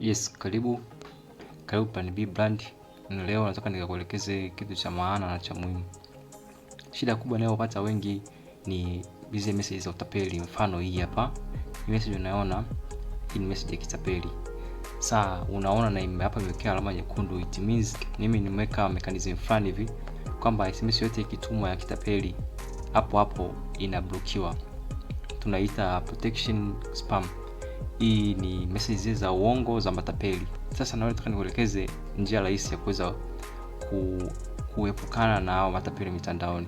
Yes, karibu karibu Plan B Brand, na leo nataka nikakuelekeze kitu cha maana na cha muhimu. Shida kubwa inayopata wengi ni busy message za utapeli. Mfano hii hapa ni message unaona, hii ni message ya kitapeli. Saa unaona na ime hapa imewekea alama nyekundu, it means mimi nimeweka mechanism fulani hivi kwamba SMS yote ikitumwa ya kitapeli hapo hapo inablokiwa, tunaita protection spam. Hii ni message zile za uongo za matapeli. Sasa nawe nataka nikuelekeze njia rahisi ya kuweza ku, kuepukana na hao matapeli mitandaoni.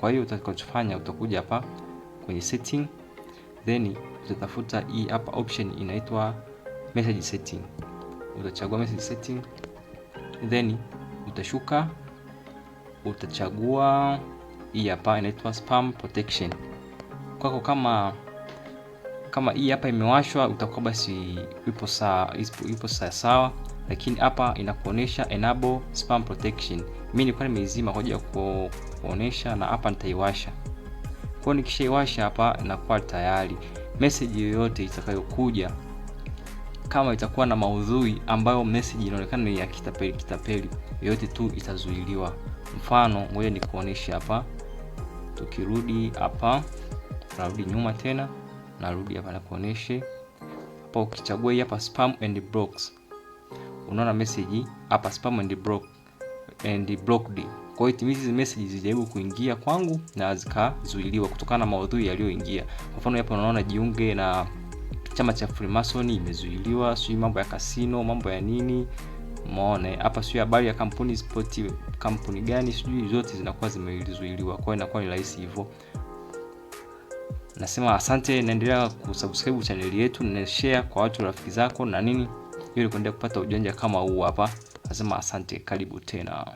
Kwa hiyo utakachofanya utakuja hapa kwenye setting, then utatafuta hii hapa option inaitwa message setting. Utachagua message setting, then utashuka utachagua hii hapa inaitwa spam protection kwako kama kama hii hapa imewashwa utakuwa basi ipo saa ipo saa sawa, lakini hapa inakuonesha enable spam protection. Mimi nilikuwa nimeizima kwa ajili ya kuonesha, na hapa nitaiwasha. Kwa hiyo nikishaiwasha hapa inakuwa tayari message yoyote itakayokuja kama itakuwa na maudhui ambayo message inaonekana ni ya kitapeli kitapeli, yoyote tu itazuiliwa. Mfano, ngoja nikuoneshe hapa, tukirudi hapa, tunarudi nyuma tena narudi hapa nakuoneshe hapa. Ukichagua hii hapa spam and blocks, unaona message hapa spam and block and blocked. Kwa hiyo hizi message zijaribu kuingia kwangu na zikazuiliwa kutokana na maudhui yaliyoingia. Kwa mfano hapa unaona jiunge na chama cha Freemason imezuiliwa, sio mambo ya kasino, mambo ya nini Mone hapa sio habari ya kampuni sportive, kampuni gani sijui, zote zinakuwa zimezuiliwa. Kwa hiyo inakuwa ni rahisi hivyo nasema asante, naendelea kusubscribe chaneli yetu na share kwa watu rafiki zako na nini, ili kuendelea kupata ujanja kama huu hapa. Nasema asante, karibu tena.